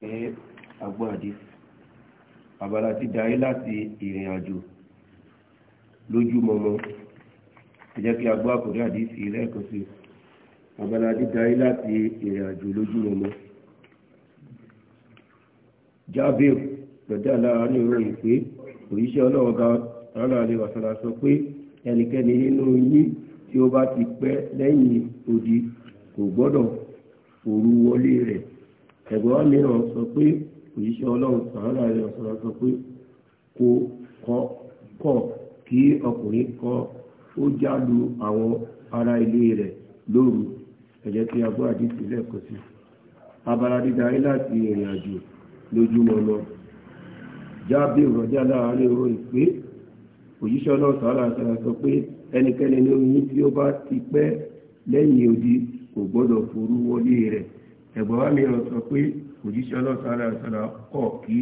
pé agbọ́n àdìs abala ti darí láti ìrìn àjò lójú mọmọ ẹ jẹ́ kí agbọ́n àkùrẹ́ àdìs lẹ́ẹ̀kan sí abala ti darí láti ìrìn àjò lójú mọmọ. Jábìr lọ́dẹ́ aláàárín ìròyìn pé òyíṣẹ́ ọlọ́wọ́ ga rárá lè wàsàlà sọ pé ẹnikẹ́ni nínú yín tí ó bá ti pẹ́ lẹ́yìn odi kò gbọ́dọ̀ òru wọlé rẹ̀ ẹ̀gbọ́n mìíràn sọ pé òjíṣẹ́ ọlọ́run sàánà rẹ̀ ọ̀sán sọ pé kò kọ̀ kí ọkùnrin kọ́ ó jálu àwọn ará ilé rẹ̀ lóru ẹ̀jẹ̀ tí a gbọ́ àdìsí lẹ́ẹ̀kọ́ sí abala dídarí láti ìrìn àjò lójúmọ́ lọ jábí ìrọ̀já láàárín orin pé òjíṣẹ́ ọlọ́run sàánà rẹ̀ sọ pé ẹnikẹ́ni ní oyin tí ẹ̀gbọ́n wa mìíràn sọ pé òjíṣẹ́ ọlọ́sàn aláìsàn kọ̀ kí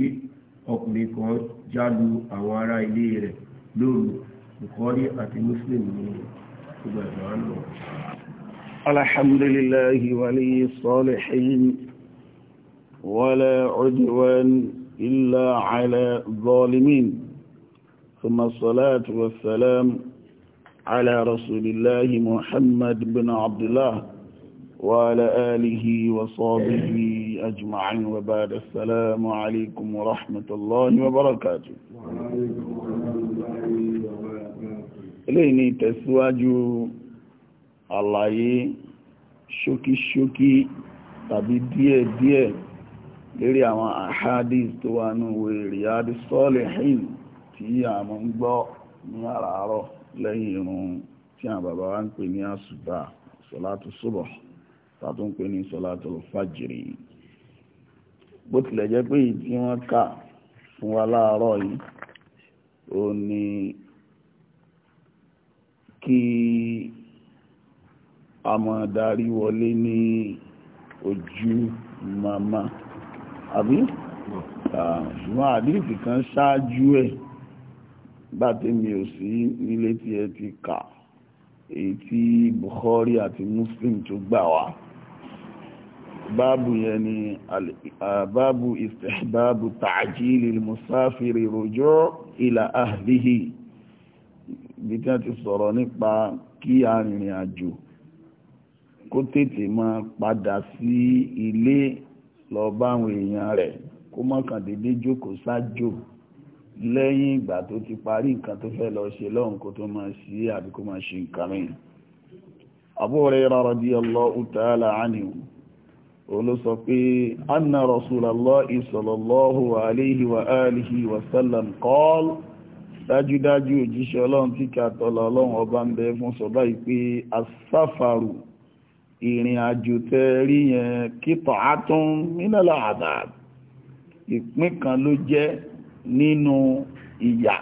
ọkùnrin kan jálu àwọn ará ilé rẹ̀ lóru Bukhari àti Muslim ní gbogbo ẹ̀gbọ́n náà. alhamdulillahi waliy salihin wala udwan illa ala zalimin ثم الصلاة والسلام على رسول الله محمد بن عبد الله وعلى آله وصحبه أجمعين وبعد السلام عليكم ورحمة الله وبركاته eléyìí ni tẹ̀síwájú àlàyé ṣókíṣókí tàbí díẹ̀díẹ̀ lérí àwọn àhádìs tó wà ní Riyadi Salihin tí a mọ́ ń gbọ́ ní àràárọ̀ lẹ́yìn irun tí àwọn bàbá wa ń pè ní àsùbá sọ́látù súbọ̀ tàbí ń pè ní sọ́látọ̀lù fàjìrì bó tilẹ̀ jẹ́ pé tí wọ́n kà fún wa láàárọ̀ yìí ó ní kí a máa darí wọlé ní ojú màmá àbí ṣùgbọ́n àdíìsì kan ṣáájú ẹ̀ bá tèmi ò sí nílé tí ẹ ti kà èyí tí Bukhari àti Muslim tó gbà wá báàbù yẹn ni báàbù istihbabu ta'jili musafiri rojọ́ ila ahlihi ibi tí wọ́n ti sọ̀rọ̀ nípa kí arìnrìn àjò kó tètè máa padà sí ilé lọ bá àwọn èèyàn rẹ̀ kó mọ́kàn dédé jókòó sájò lẹ́yìn ìgbà tó ti parí nǹkan tó fẹ́ lọ ṣe lọ́hùn kó tó máa ṣe àbí máa ṣe nǹkan mìíràn Abu Hurairah radiyallahu ta'ala anhu olóso pé anna rasulallahi sallallahu alayhi wa alihi wa sallam qala dájúdájú òjíṣẹ́ ọlọ́run tí kí ọba ń bẹ fún sọ báyìí pé asáfàrù ìrìn àjò tẹ rí yẹn kíkọ̀ átún ìpín kan ló jẹ́ nínú ìyà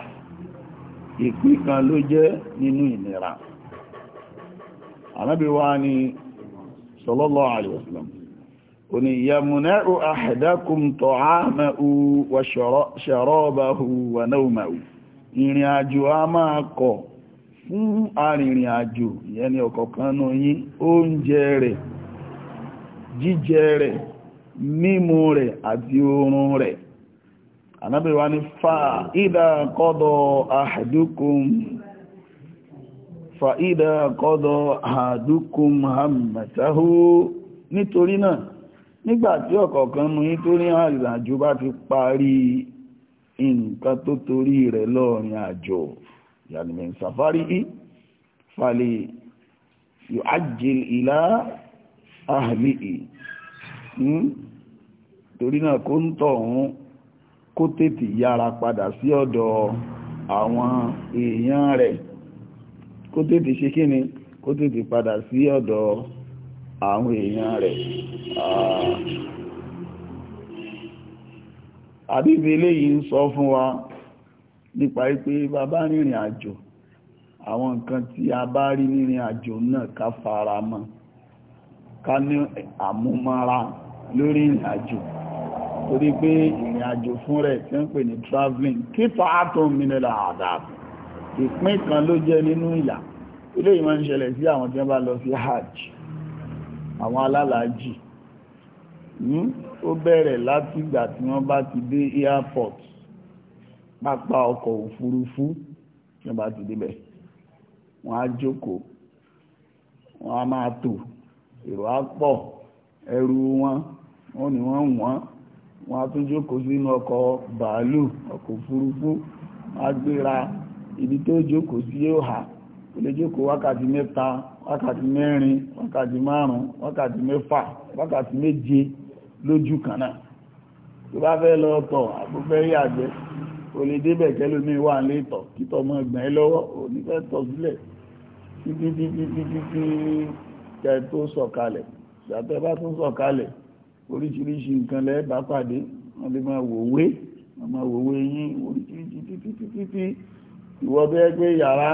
ìpín kan ló jẹ́ nínú ìnira anábíwá ni òní yàmùnẹ́rù àhẹ̀dákùn tọ̀ ámẹ́hù wà ṣàrọ́bàhù wà náùmẹ́hù ìrìn àjò a máa kọ̀ fún arìnrìn ajo ìyẹn ni nù yín oúnjẹ rẹ̀ jíjẹ rẹ̀ mímu rẹ̀ àti oorun rẹ̀ ànábì fa ìdá kọ́dọ̀ hàmàtàhù nítorí náà nígbàtí ọ̀kọ̀ọ̀kan mú yí tó ní àrìn àjò bá ti parí nǹkan tó torí rẹ̀ lọ́rin àjò yàlùmẹ̀ sàfárí í falẹ̀ yu'ajjil ìlà ahli ì hmm? torí náà kó ń tọ̀hún kó tètè yára padà sí ọ̀dọ̀ àwọn èèyàn rẹ̀ kó tètè ṣe kíni kó tètè padà sí ọ̀dọ̀ àwọn èèyàn rẹ̀ àbíbi eléyìí ń sọ fún wa nípa pé bàbá rìnrìn àjò àwọn nǹkan tí a bá rí nírìn àjò náà ká fara mọ́ ká ní àmúmọ́ra lórí ìrìn àjò torí pé ìrìn àjò fún rẹ̀ tí ń pè ní traveling kí fàátọ̀ mìíràn àdáàbò ìpín kan ló jẹ́ nínú ìyà ilé ìwọ̀n ń ṣẹlẹ̀ sí àwọn tí wọ́n bá lọ sí hajj àwọn alálàájì hmm? ó bẹ̀rẹ̀ láti ìgbà tí wọ́n bá ti dé airport pápá ọkọ̀ òfurufú tí wọ́n bá ti débẹ̀ wọ́n á jókòó wọ́n á máa tò èrò á pọ̀ ẹrù wọn wọ́n ní wọ́n wọ́n wọ́n á tún jókòó sínú ọkọ̀ bàálù ọkọ̀ òfurufú á gbéra ibi tó jókòó sí yóò hà ó lè jókòó wákàtí mẹ́ta wákàtí mẹ́rin wákàtí márùn-ún wákàtí mẹ́fà wákàtí méje lójú kan náà tó bá fẹ́ lọ tọ̀ àbúfẹ́ rí àgbẹ̀ o lè débẹ̀ kẹ́lómi wà ń lè tọ̀ títọ́ ọmọ ẹgbẹ̀ lọ́wọ́ ò ní fẹ́ tọ̀ sílẹ̀ títí títí títí tí kẹ tó sọ̀kalẹ̀ ṣàtẹ́ bá tún sọ̀kalẹ̀ oríṣiríṣi nǹkan lẹ́ bá pàdé wọ́n lè máa wòwé wọ́n máa wòwé yín oríṣiríṣi títí títí tí ìwọ́bẹ́ yàrá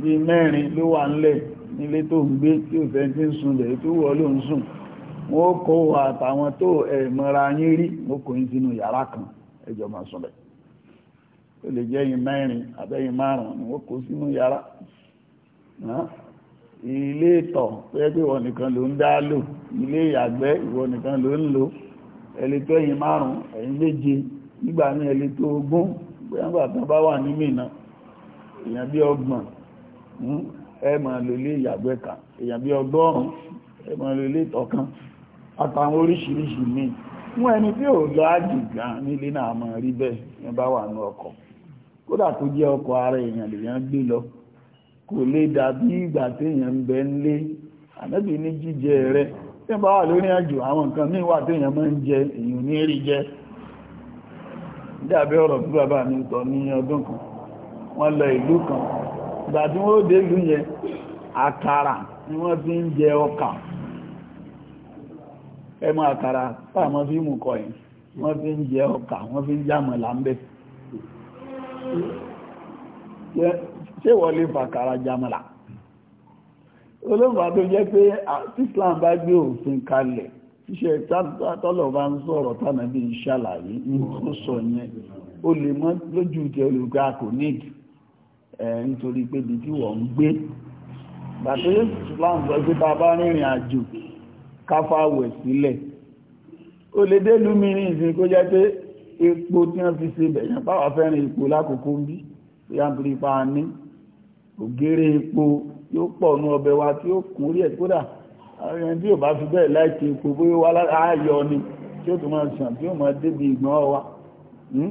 bíi mẹ́rin ló wà ńlẹ̀ nílé tó ń gbé tí ò fẹ́ tí ń sun lẹ̀ tó wọ́ ló ń sùn wọ́n kó àtàwọn tó ẹ̀mọ́ra yín rí mo kò yín sínú yàrá kan ẹjọ́ máa sùn lẹ̀ ó lè jẹ́ yín mẹ́rin àbẹ́yìn márùn-ún ni wọ́n kó sínú yàrá ilé ìtọ̀ pé pé ìwọ nìkan ló ń dá lò ilé ìyàgbẹ́ ìwọ nìkan ló ń lò ẹni tó ẹ̀yin márùn-ún méje nígbà ní ẹni tó ogún bóyá nígbà tán bá wà ní mìíràn èèyàn bí ọgbọ̀n ẹ máa lò lé ìyàgbẹ́ kan èèyàn bí ẹ máa lò lé ìtọ̀kan àtàwọn oríṣìíríṣìí ní fún ẹni tí ò lọ ájì nílé náà máa rí bẹ́ẹ̀ ní bá wà ní ọkọ̀ kódà tó jẹ́ ọkọ̀ ara èèyàn gbé lọ kò lè dàbí ìgbà ń bẹ ńlé ànábì ní jíjẹ rẹ tí bá wà lórí àjò àwọn nǹkan míì wà máa ń jẹ èèyàn ní rí jẹ mi ní ọdún kan wọ́n lọ kan ìgbà tí wọ́n dé ìlú yẹn àkàrà ni wọ́n fi ń jẹ ọkà ẹmọ àkàrà pàmọ́ fi mú kọ yìí wọ́n fi ń jẹ ọkà wọ́n fi ń jàmọ̀ lámbẹ́ ṣé wọ́n lè fàkàrà jàmọ̀lá olóògbà tó jẹ́ pé Islam bá gbé òfin kalẹ̀ iṣẹ́ tọ́lọ̀ bá ń sọ̀rọ̀ tánàbí ìṣàlàyé ní ó sọ yẹn ó lè mọ́ lójú ìtẹ́ olùgbà kò nídìí nítorí pé bí tí wọ́n ń gbé bàtí Islam sọ pé ta bá rìnrìn àjò káfàwẹ̀ sílẹ̀ ó lè dé lú mìíràn ìsìn kó jẹ́ pé epo tí wọ́n fi ṣe bẹ̀yàn páwà fẹ́rin epo lákòókò bí tó yá ń torí pa ní ògèrè epo yóò pọ̀ ní ọbẹ̀ wa tí ó kún orí ẹ̀ kódà àwọn ẹni tí ò bá fi bẹ́ẹ̀ láìkí epo bóyá wá láyọ̀ ni tí ó tún máa sàn tí ó máa débi ìgbọ́n wa hmm?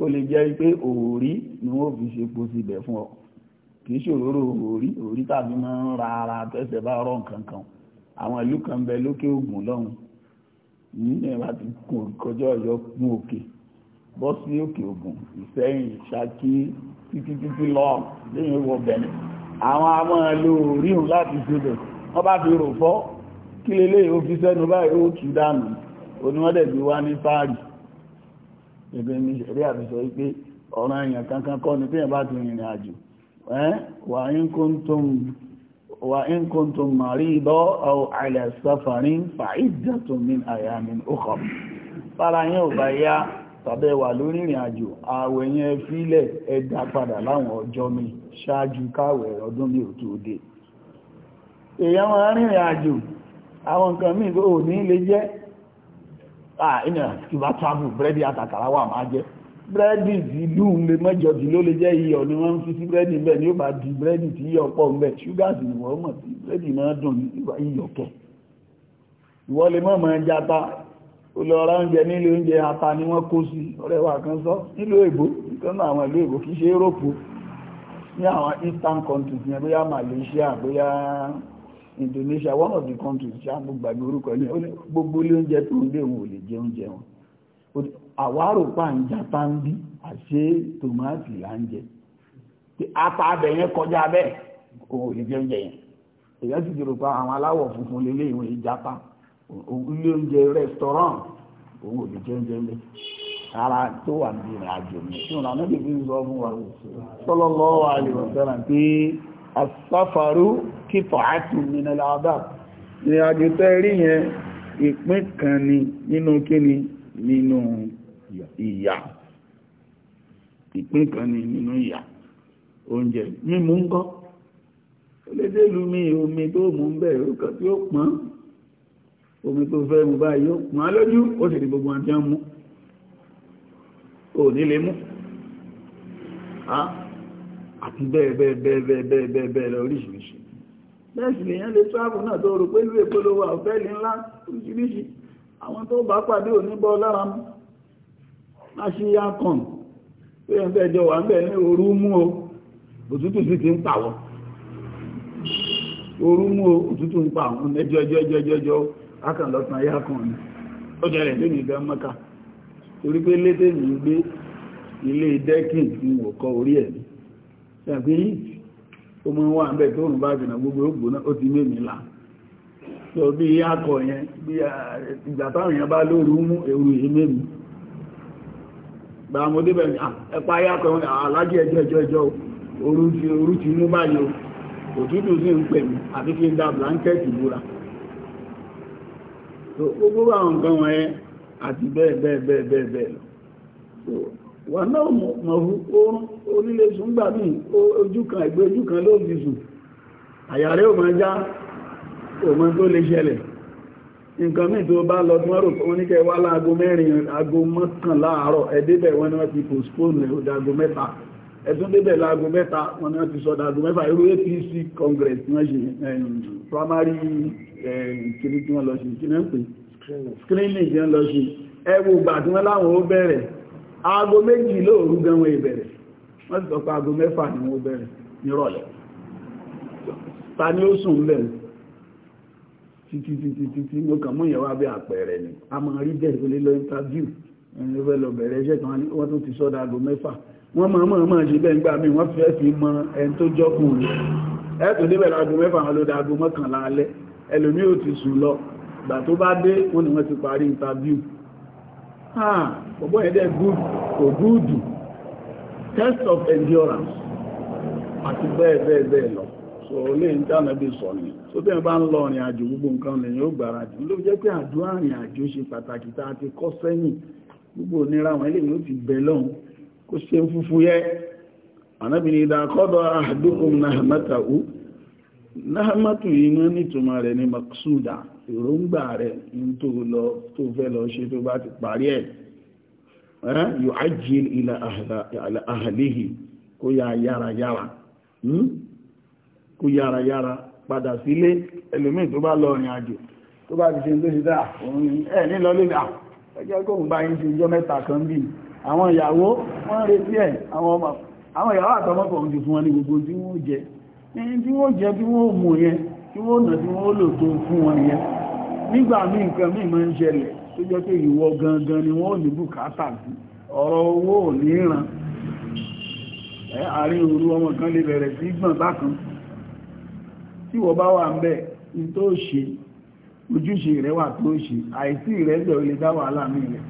ó lè jẹ́ pé òórí ni wọ́n fi ṣe po síbẹ̀ fún ọ kì í ṣòro òórí òórí tàbí máa ń ra ara tẹ́sẹ̀ bá rọ̀ nǹkan kan àwọn ìlú kan bẹ lókè ògùn lọ́hùn nílẹ̀ wá ti kún kọjá ọ̀yọ́ kún òkè bọ́ sí òkè ògùn ìsẹ́yìn ṣákí títí títí lọ lẹ́yìn wọ bẹ̀rẹ̀ àwọn amọ́ lo òórí òun láti ṣẹbẹ̀ wọ́n bá fi rò fọ́ kí lélẹ́yìn ó fi sẹ́nu báyìí ó tú dànù onímọ̀dẹ̀ gbé wá ní fáàrì ìbí ní ṣẹ̀rí àfisọ wípé ọ̀ràn èèyàn kankan kọ́ ni bí ẹ̀ bá ti rìnrìn àjò wà ń kúntùm màrídọ́ ọ̀ àìlẹ̀ sáfàrin fàídàtùn min àyàmin òkọ̀ fara yẹn ò bá yá tàbẹ́ wà lórí ìrìn àjò ààwẹ̀ yẹn fílẹ̀ ẹ dá padà láwọn ọjọ́ mi ṣáájú káwẹ̀ ọdún mi ò tó dé èèyàn wọn rìnrìn àjò àwọn nǹkan míì ò ní lè jẹ́ ah ina tí bá travel búrẹ́dì àtàkàrà wà máa jẹ búrẹ́dì tí ìlú lè mẹ́jọ tí ló lè jẹ́ iyọ̀ ni wọ́n ń fi sí búrẹ́dì ń bẹ̀ ni ó bá di búrẹ́dì tí iyọ̀ pọ̀ ń bẹ̀ ṣúgà sì ni wọ́n mọ̀ sí búrẹ́dì náà dùn iyọ̀ kẹ̀ ìwọ lè mọ̀ mọ̀ ẹja ta olóòrá oúnjẹ nílé oúnjẹ ata ni wọ́n kó sí ọ̀rẹ́ wa kan sọ nílùú èbó ìkànnà àwọn ìlú èbó kìí ṣe Europe ní àwọn eastern countries yẹn bóyá Malaysia bóyá Indonesia one of the countries ṣáàmù gbàgbé orúkọ ní gbogbo ilé oúnjẹ tó ń lé wọn ò lè jẹ oúnjẹ wọn àwárò pa ń já táńbí àṣé tòmátì là ń jẹ ata abẹ yẹn kọjá bẹ́ẹ̀ òun ò lè jẹ oúnjẹ yẹn èyàn sì jòrò pa àwọn aláwọ̀ funfun lélé ìwé ìjápa ilé oúnjẹ restaurant òun ò lè jẹ oúnjẹ ńlẹ̀ ara tó wà ní ìrìn àjò mi tí wọn àmọ́ lè fi sọ fún wa sallallahu alaihi wasallam pé asáfàrú kíkọ̀ àtù nínú àbá ìrìn àjò tẹ́ rí yẹn ìpín kan ni nínú kíni nínú ìyà ìpín kan ni nínú ìyà oúnjẹ mímú ń gọ́ olédèlú mi omi tó mú ń bẹ̀ òkà tí ó pọ́n omi tó fẹ́ mú báyìí ó pọ́n alójú ó sì ní gbogbo ah, àti ọmú ò nílé mú àti bẹ́ẹ̀ bẹ́ẹ̀ bẹ́ẹ̀ bẹ́ẹ̀ bẹ́ẹ̀ lọ oríṣiríṣi bẹ́ẹ̀sì lèyàn lè tíráàbù náà tó rò pé ìlú èkó ló ńlá oríṣiríṣi àwọn tó bá pàdé oníbọ́ lára mú láṣíyá kan pé ẹ̀ ń fẹ́jọ wà ń bẹ̀ ní òru mú o òtútù sì ti ń pàwọ́ mú o òtútù ń pàwọ́ ẹjọ́ ẹjọ́ ẹjọ́ ó mú wà bẹ́ẹ̀ tó rùn bá jùlọ gbogbo ó gbóná ó ti mẹ́mí là so akọ yẹn bí eh, ìgbà táwọn yẹn bá lóru mú èrò yìí mẹ́mí bá mo débẹ̀ ya ah, ayákọ wọn ah, alájí ẹjọ́ ẹjọ́ ẹjọ́ ìwọ náà mọ̀ oorun onílé sùn gbà mí ojú kan ìgbé ojú kan ló fi sùn àyà rẹ̀ ò máa já òmọ tó lè ṣẹlẹ̀ nǹkan míì tó bá lọ tí wọ́n rò fún oníkẹ́ wá láago mẹ́rin aago mọ́kànlá àárọ̀ ẹ̀dẹ́bẹ̀ ni wọ́n ti postpone ẹ̀ òdàgo mẹ́ta ẹ̀tún Congress wọ́n primary kiri tí screening tí wọ́n lọ ṣe ẹwù aago méjì lóòrú gan wọn ìbẹ̀rẹ̀ wọ́n ti sọ pé aago mẹ́fà ni wọ́n bẹ̀rẹ̀ nírọ̀lẹ́ ta ni ó sùn lẹ́nu títí títí títí mo kàn mú ìyẹn wá bí àpẹẹrẹ ni a máa rí jẹ́ ìpele lọ interview ẹni fẹ́ lọ bẹ̀rẹ̀ iṣẹ́ kan wọ́n tún ti sọ́dọ̀ aago mẹ́fà wọ́n máa máa máa ṣe bẹ́ẹ̀ nígbà míì wọ́n fẹ́ fi mọ ẹni tó jọ́kùnrin ẹ̀tù níbẹ̀ láago mẹ́fà wọn ló dá aago mọ́kànlá alẹ́ ẹlòmíì ò ti sùn lọ ìgbà tó bá dé wọ́n ní wọ́n interview ah ọgbọ́n yẹn test of endurance àti bẹ́ẹ̀ bẹ́ẹ̀ bẹ́ẹ̀ lọ so olè ń dáná bí sọ ni so bẹ́ẹ̀ bá ń lọ rìn àjò gbogbo nǹkan lẹ́yìn ó gbára jù ló jẹ́ pé àjò àrìn àjò ṣe pàtàkì tá a ti kọ́ sẹ́yìn gbogbo onira wọn eléyìí ó ti bẹ̀ lọ́hùn kó ṣe fúfú yẹ àdókòm náà mẹ́ta náà maksuda èròǹgbà rẹ̀ ní tó lọ tó fẹ́ lọ ṣe tó bá ti parí ẹ̀ yóò ajil ila ahlihi kó yá yára yára hmm? kó yára yára padà sílé ẹlòmíì tó bá lọ rìn àjò tó bá ti ṣe tó ṣe dáa òun ẹ̀ nílọ lè dà ah, ẹjẹ́ kó ń bá yín ṣe ìjọ mẹ́ta kan bí àwọn ìyàwó wọ́n retí ẹ̀ àwọn ọmọ àwọn ìyàwó àtọmọ́kọ̀ nígbà mí nǹkan mí máa ń ṣẹlẹ̀ tó jẹ́ pé ìwọ gangan ni wọ́n ní bùkátà sí ọ̀rọ̀ owó ò ní ràn àárín òru ọmọ kan lè bẹ̀rẹ̀ sí gbọ̀n bákan tí wọ́n bá wà ń bẹ̀ ní tó ṣe ojúṣe rẹ̀ wà tó ṣe àìsí rẹ̀ lọ ilé dá wàhálà mí rẹ̀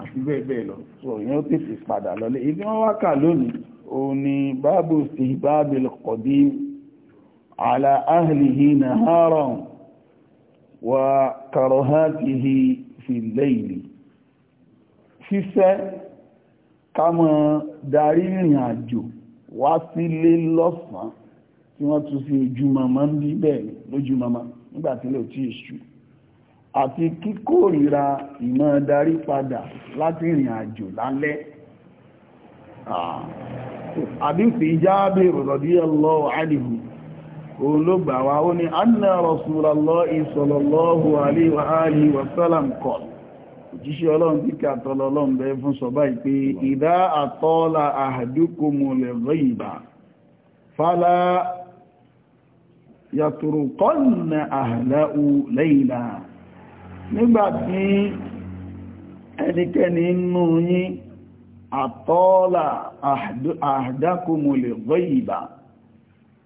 àti bẹ́ẹ̀ bẹ́ẹ̀ lọ sọ yẹn ó tètè padà lọlé ibi wọ́n wá kà lónìí ó ní báàbù sí báàbù kọ̀dí وكرهاته في الليل fífẹ́ ká mọ́ darí ìrìn àjò wá sílé lọ́sàn tí wọ́n tún sí ojúmọmọ́ ń lójúmọmọ́ nígbàtí lè tí ati àti kíkórìíra ìmọ̀ darí padà láti ìrìn àjò lálẹ́ fi ah. radiyallahu anhu olóògbà wa ó ní anna rasulallahi sallallahu alaihi wa alihi wa sallam kọ̀ òjíṣẹ́ ọlọ́run tí kí àtọ́lọ ọlọ́run bẹ fún sọ báyìí pé ìdá àtọ́lá ahadukumu al-ghayba fala yàtùrùkọ́nà ahlahu layla nígbàtí ẹnikẹ́ni inú yín àtọ́lá ahadukumu al-ghayba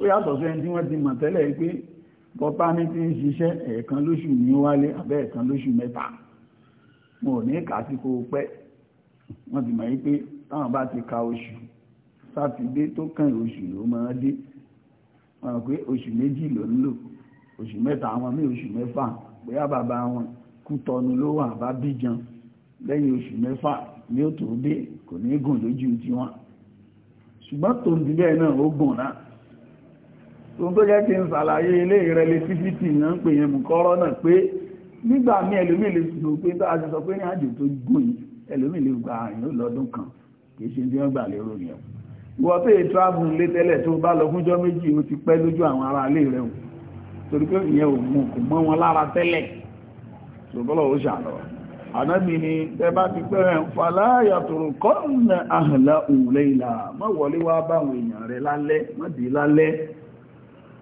ó yàtọ̀ sí ẹni tí wọ́n ti mọ̀ tẹ́lẹ̀ pé bọ́pá ní ti ń ṣiṣẹ́ ẹ̀ẹ̀kan lóṣù ní wálé àbẹ́ ẹ̀ẹ̀kan lóṣù mẹ́ta wọn ò ní kàásìkò pẹ́ wọ́n ti mọ̀ pé táwọn bá ti ka oṣù sátidé tó kàn oṣù ló máa dé wọn pé oṣù méjì ló ń lò oṣù mẹ́ta àwọn mí oṣù mẹ́fà bóyá bàbá wọn kútọnu ló wà bá bíjan lẹ́yìn oṣù mẹ́fà ní ó tó dé kò ní gùn lójú tiwọn ṣùgbọ́n tó ń dilẹ̀ náà ó gùn náà tó tó jẹ́ kí n ṣàlàyé ilé ìrẹlẹ́tífítì náà ń pè yẹn mú kọ́rọ́ náà pé nígbà mí ẹlòmí lè sọ pé bá a ti sọ pé ní àjò tó gùn yìí ẹlòmí lè gba àyàn lọ́dún kan kì í ṣe tí wọ́n gbà lérò yẹn wọ́n pé travel lé tẹ́lẹ̀ tó bá lọ fúnjọ́ méjì ó ti pẹ́ lójú àwọn ará ilé rẹ̀ torí pé ìyẹn ò mú kò mọ́ wọn lára tẹ́lẹ̀ ṣùgbọ́lọ̀ ó ṣàlọ́ ànábì ni tẹ́bá ti pẹ́rẹ̀ fàláyàtòrò kọ́nà àhàlà òun lẹ́yìnlá mọ́wọ́lé wá báwọn èèyàn rẹ̀ lálẹ́ mọ́dé lálẹ́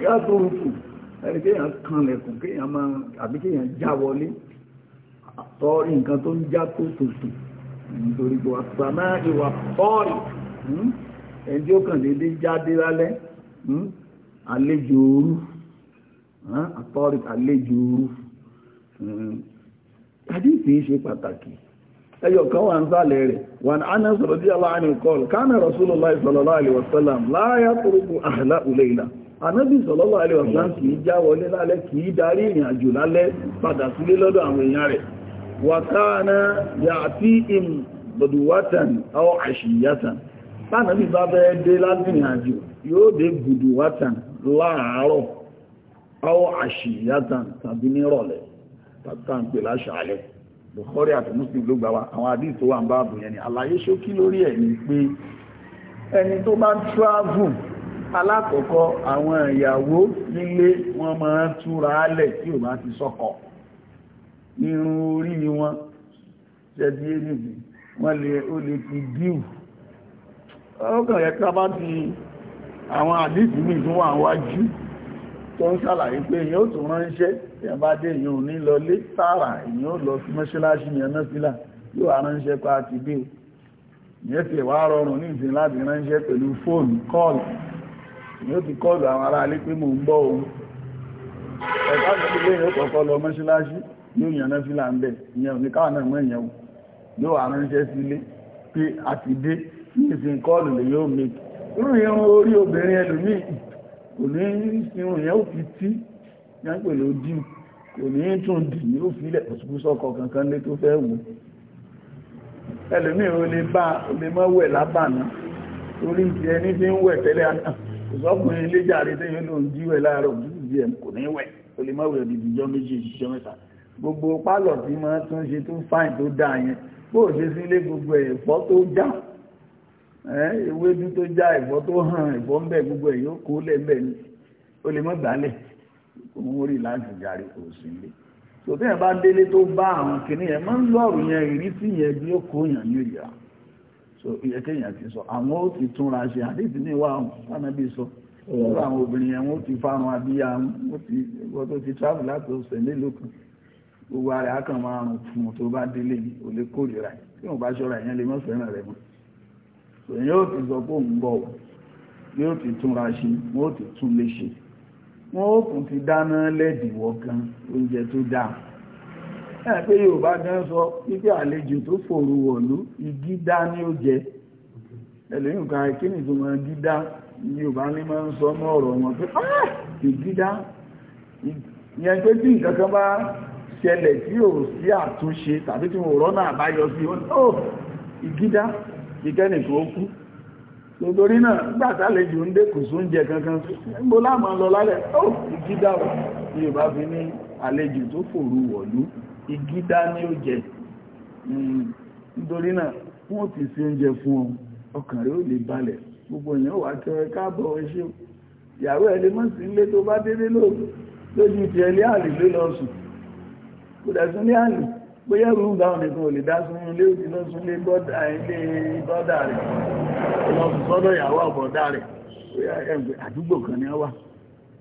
yá tó tó nítorí máa ìwà tọ́rí hmm? ẹni tí ó kàn jáde lálẹ́ hmm? àlejò òru àtọ́rí àlejò òru àdíìsì hmm. ṣe pàtàkì ẹyọ kan wà ń sálẹ̀ rẹ̀ wọn Anas radiyallahu anhu kana Rasulullahi sallallahu alaihi wasallam la yatruku ule anábì sọ̀lọ́lọ́ alẹ́ ọ̀sán kìí já wọlé lálẹ́ kìí darí ìrìn àjò lálẹ́ padà sílé lọ́dọ̀ àwọn èèyàn rẹ̀ wàkánà yàtí im bọ̀dùwátàn aw àṣìyàtàn tánàbì bá bẹ́ẹ̀ dé lárìn àjò yóò dé bọ̀dùwátàn láàárọ̀ aw àṣìyàtàn tàbí nírọ̀lẹ́ tàbí láṣàálẹ̀ Bukhari àti Muslim ló alákọ̀ọ́kọ́ àwọn ìyàwó nílé wọ́n máa ń túra álẹ̀ tí ò bá ti sọ́kọ irun orí wọn jẹ́dí ènìyàn wọ́n lè ó lè ti díù ọkàn yẹ ká bá ti àwọn àdíjì mi tún wà wájú tó ń ṣàlàyé pé èyàn ó tún ránṣẹ́ tí a bá dé èyàn ò ní lọ lé tààrà èyàn ó lọ sí mọ́ṣáláṣí yẹn náà sílà yóò aránṣẹ́ pa ti bí ìyẹn ti wá rọrùn ní ìsìn láti ránṣẹ́ pẹ̀lú fóònù kọ́ọ̀lù ni ó ti kọ́ọ̀lù àwọn ará alé pé mò ń gbọ́ òun ẹ̀kọ́ àgbẹ̀lẹ́ yóò kọ́kọ́ lọ mọ́ṣáláṣí yóò yànnà fílà ń bẹ̀ ìyẹn ò ní káwọn náà mọ́ ìyẹn yóò aránṣẹ́ sílé pé a ti dé ní ìsìn kọ́ọ̀lù lè yóò mẹ́kì irú irun orí obìnrin ẹlòmíì kò ní irun yẹn ó fi tí yẹn pẹ̀lú ojú kò ní ń wẹ̀ tẹ́lẹ̀ àná ìsọkùnrin ilé jàre tẹ́yìn ló ń jíwẹ̀ láàárọ̀ òjúkù bí ẹm kò ní wẹ̀ ó lè máa wẹ̀ di ìjọ́ méjì ìjọ́ mẹ́ta gbogbo pálọ̀ tí máa tún ṣe tó fáìn tó dá yẹn bó o ṣe sílé gbogbo ẹ̀fọ́ tó já ewédú tó já ẹ̀fọ́ tó hàn ẹ̀fọ́ ń bẹ gbogbo ẹ̀ yóò kó lẹ́ẹ̀bẹ̀ ni ó lè mọ́ gbálẹ̀ òun orí láti jàre kò sí ilé tòtẹ́yìn bá délé tó bá àwọn kìnìyàn máa ń lọ́ọ̀rù yẹn ìrísí yẹn bí ó kó yàn ní òyà so iye kéèyàn ti sọ àwọn ó ti túnra ṣe àdéhìí ní ìwà àwọn fánàbí sọ lọ́wọ́ àwọn obìnrin yẹn wọ́n ti fárun abíyá wọ́n tó ti travel láti ọ̀sẹ̀ mélòó kan gbogbo ara akàn máa rùn fún tó bá délé ní ò kórìíra tí wọ́n bá ṣọ́ra ìyẹn lè mọ́ fẹ́ràn rẹ̀ mọ́ so yóò ti sọ pé òun bọ̀ yóò ti túnra ṣe wọ́n ó ti tún lè ṣe wọ́n ó kùn ti dáná lẹ́dìwọ̀ gan oúnjẹ tó dáa ya pé bá gan sọ wípé àlejò tó fòrò wọ̀lú ìgídá ní ó ẹlẹ́yìn kan kí ni ìtumọ̀ gídá Yorùbá ní máa ń sọ mọ́ ọ̀rọ̀ wọn pé ìgídá ah, ìyẹn pé tí nkankan ba bá ṣẹlẹ̀ tí ò sí àtúnṣe tàbí tí wọ́n rọ́nà àbáyọ sí wọn ó ìgídá o ó kú nítorí náà gbàtàlejò ń dékù oúnjẹ kankan gbó láàmà lọ lálẹ́ ó ìgídá bá fi ní àlejò tó wọ̀lú ìgídá ní o jẹ hmm, nítorí náà wọ́n ti sí oúnjẹ fún ọ ọkàn rẹ̀ lè balẹ̀ gbogbo èèyàn wà kí káàbọ̀ ẹṣẹ́ ìyàwó ẹ̀lẹ́ mọ́ sí ilé tó bá dédé lójú ti àlè ló lọ kò dẹ̀sùn ní àlè nìkan ò lè dá sún ilé òjì lọ sún bọ́dà ilé bọ́dà rẹ̀ sọ́dọ̀ ìyàwó rẹ̀ àdúgbò kan ni wà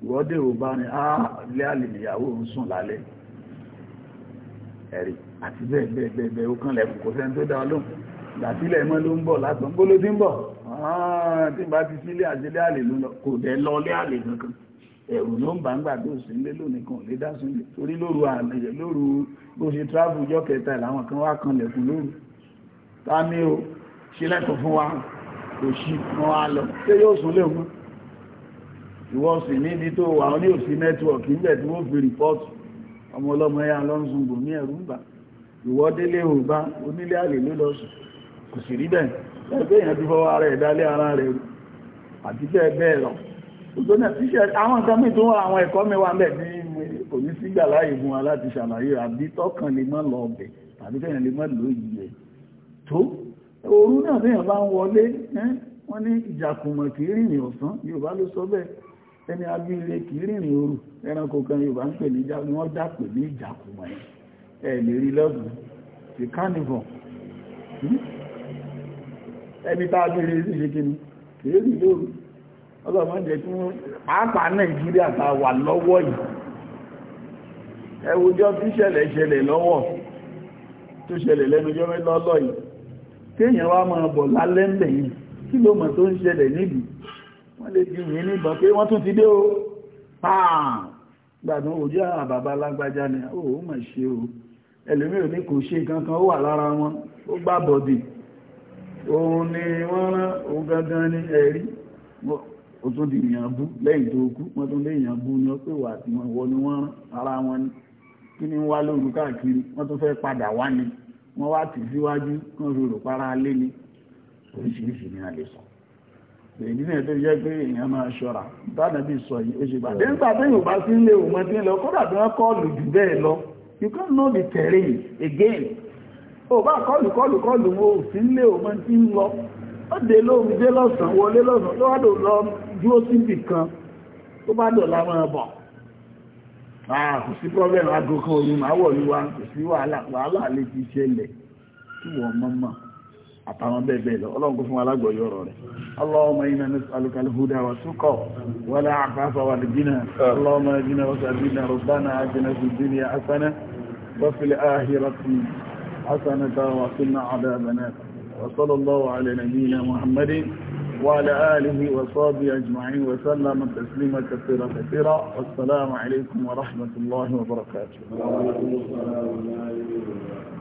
ìwọ́dẹ̀ ò bá àlè ìyàwó ń sùn lálẹ́ ẹ̀rí àti bẹ́ẹ̀ bẹ́ẹ̀ bẹ́ẹ̀ bẹ́ẹ̀ ó kànlẹ̀ kò sẹ́ni tó dá ọlọ́run gbàtílẹ̀ mọ́ ló ń bọ̀ látọ̀ bó ló ti ń bọ̀ ah, tí bá ti sílé àjílé àlè ló lọ kò dẹ̀ lọ lé àlè kankan ẹ̀rù ló ń bá ń gbàgbé òsínlé lónìí kan lé dásùn lè torí lóru àlejò lóru bó ṣe o ṣe lẹ́kọ̀ọ́ fún wa kò sí wọn á lọ ṣé yóò sùn lé wọn ìwọ sì níbi tó wà ọmọ ọlọ́mọ ẹ̀yà lọ́nzùn bò ní ẹ̀rù ń bà ìwọ́délé ò bá onílé àlè ló lọ́sùn kò sì rí bẹ́ẹ̀ ẹgbẹ́ èèyàn ti fọwọ́ ara ẹ̀dálé ara rẹ̀ rú àti bẹ́ẹ̀ bẹ́ẹ̀ lọ ògbónà tíṣẹ́ àwọn nǹkan mi tó wà àwọn ẹ̀kọ́ mi wà mẹ́ ní kò ní sígbà láyé fún wa láti ṣàlàyé àbí tọ́kàn lè mọ́ lọ ọbẹ̀ tàbí fẹ́yàn lè mọ́ lóyìí ẹ̀ tó òru náà fẹ́yàn bá ń wọlé wọ́n ní ìjàkùmọ̀ kì í rìnrìn ọ̀sán Yorùbá ló sọ bẹ́ẹ̀ ẹni abíire kì í rìnrìn òru ẹranko kan Yorùbá ń pè ní ni wọ́n dá pè ní ìjàkùmọ̀ ẹ̀ lè rí lọ́gùn ti carnivore hmm? ẹni tá abíire sì ṣe kíni kì í rìn lóru ọlọ́mọ jẹ́ kí wọ́n pàápàá Nàìjíríà ta wà lọ́wọ́ yìí ẹwùjọ́ tí ṣẹlẹ̀ ṣẹlẹ̀ lọ́wọ́ tó ṣẹlẹ̀ lẹ́nujọ́ mẹ́lọ́lọ́ yìí kéèyàn wá máa bọ̀ lálẹ́ ń bẹ̀ yìí kí ló mọ̀ tó ń ṣẹlẹ̀ nídìí wọ́n lè di yìí níbọn pé wọ́n tún ti dé o pààn gbàdùn òjò àbàbà lágbájá ni ó mà ṣe o ẹlòmíràn ní kò ṣe kankan ó wà lára wọn ó gbá bọ̀dì òun ni wọ́n rán òun gangan ní ẹ̀rí ó tún di èèyàn bú lẹ́yìn tó kú wọ́n tún lé èèyàn bú ni ó pè wà tí wọ́n wọ́n ni wọ́n rán ara wọn kí ni wá lóru káàkiri wọ́n tún fẹ́ para lé ni oríṣiríṣi ni a lè èyí náà lè jẹ́ pé èèyàn máa ṣọ́ra dánàbí sọ yìí ó ṣe bá dé nígbà tí yorùbá sí ilé òun ti lọ kódà tí wọ́n kọlù jù bẹ́ẹ̀ lọ you can know the terrain again ó bá kọlù kọlù kọlù wo sí ilé òun ti lọ ó dé lóhun dé lọ́sàn wọlé lọ́sàn ló wá lọ dúró síbì kan tó bá dọ̀la máa bọ̀ kò sí problem agogo orí màá wọ̀ yí wa kò sí wàhálà wàhálà lè ti ṣẹlẹ̀ tí wọ́n mọ̀ mọ̀ àtàwọn bẹ́ẹ̀bẹ́ẹ̀ lọ ọlọ́run kó fún alágbọ̀yọ ọ̀rọ̀ rẹ̀ اللهم إنا نسألك الهدى والتقى والعفاف والغنى اللهم اهدنا وسددنا ربنا آتنا في الدنيا حسنة وفي الآخرة حسنة وقنا عذاب النار وصلى الله على نبينا محمد وعلى آله وصحبه أجمعين وسلم تسليما كثيرا كثيرا والسلام عليكم ورحمة الله وبركاته